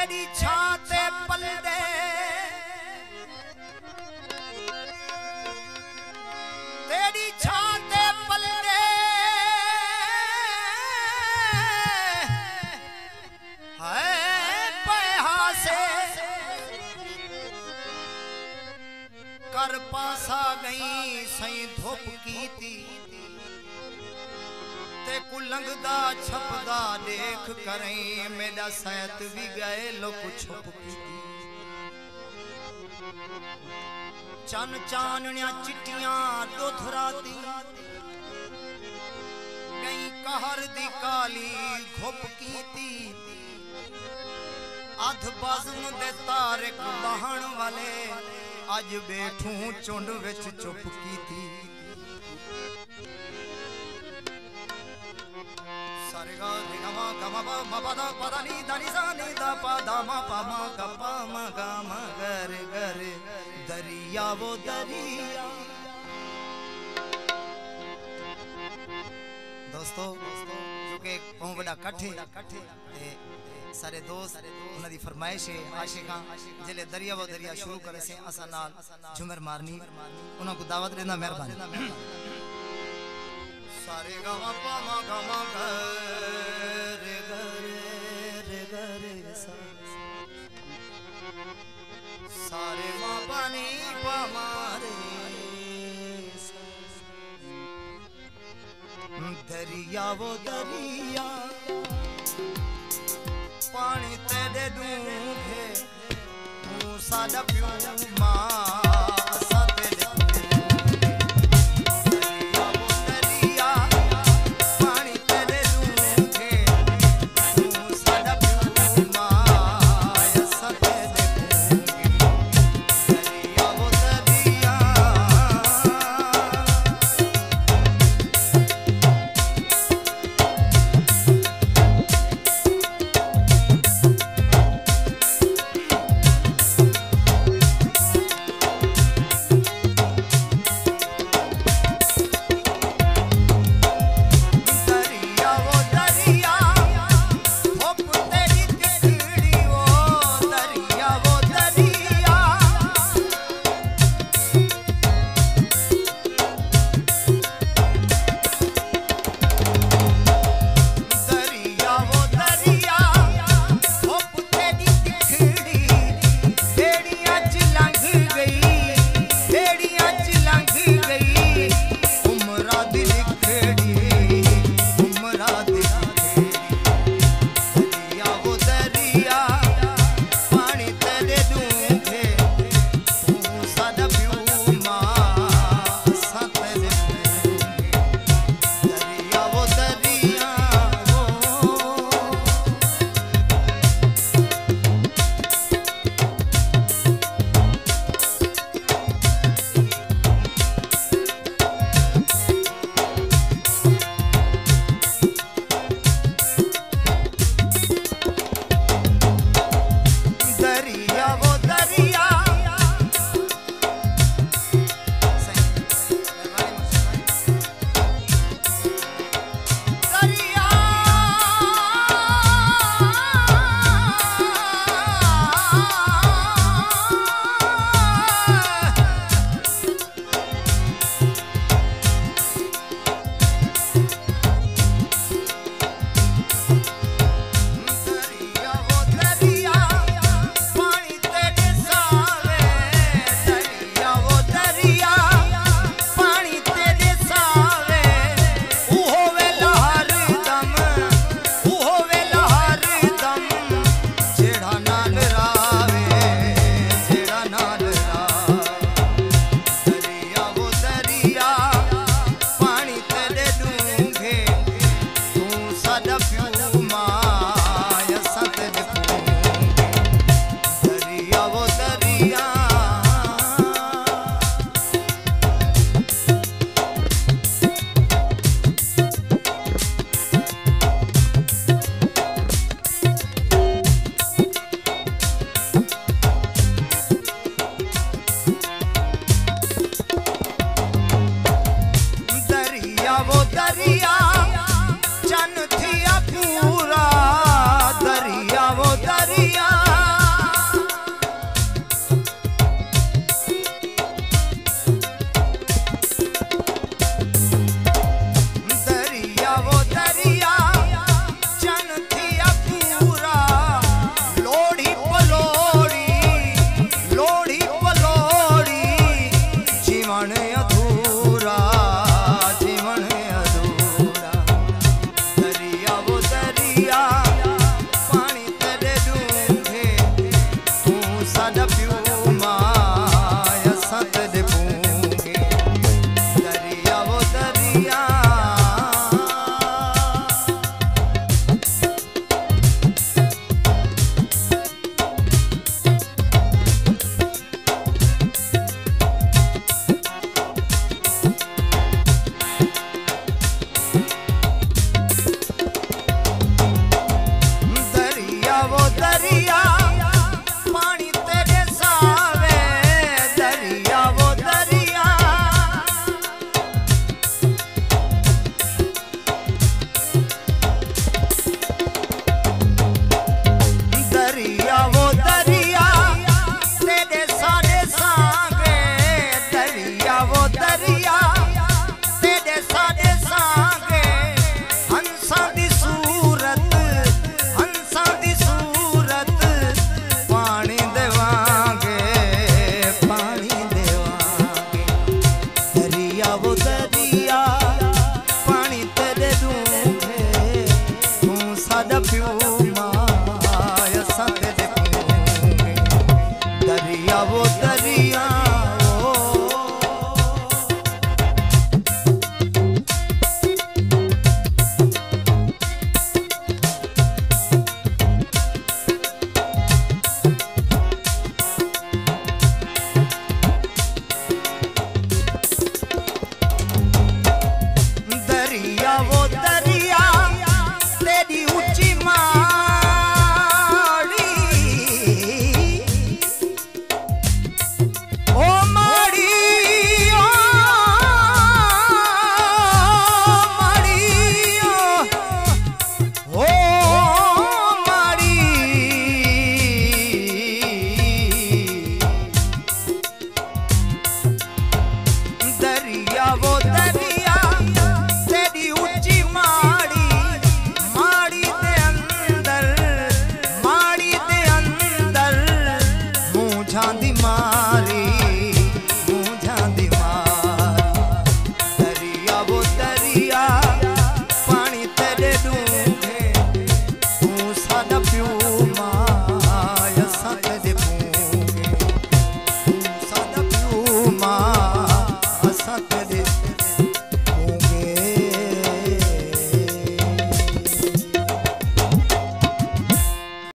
तेरी छाते पल दे तेरी छाते पल दे है पहा से कर पासा गई सही धुप की थी ਤੈਨੂੰ ਲੰਘਦਾ ਛਪਦਾ ਦੇਖ ਕਰੇ ਮੇਰਾ ਸੈਤ ਵੀ ਗਏ ਲੋਕ ਛੁਪ ਕੇ ਚੰਨ ਚਾਨਣਿਆ ਚਿੱਟੀਆਂ ਦੋਥਰਾ ਦੀ ਕਈ ਕਹਰ ਦੀ ਕਾਲੀ ਘੁੱਪ ਕੀਤੀ ਅਧ ਬਾਜ਼ਮ ਦੇ ਤਾਰਕ ਬਹਣ ਵਾਲੇ ਅੱਜ ਬੈਠੂ ਚੁੰਡ ਵਿੱਚ ਚੁੱਪ ਕੀਤੀ दरिया वो दरिया दोस्तों क्योंकि बहुत बड़ा कट्ठ है सारे दोस्त उन्हें फरमाइश है आशिका जिले दरिया वो दरिया शुरू करे से असा नाल झुमर मारनी उन्होंने दावत देना मेहरबानी सारे गम पमा गम रे रे रे रे सारे मा पानी पमा रे दरिया वो दरिया पानी तेरे दूंगे मूसा डब्यू मां Peace. ऊंची माँ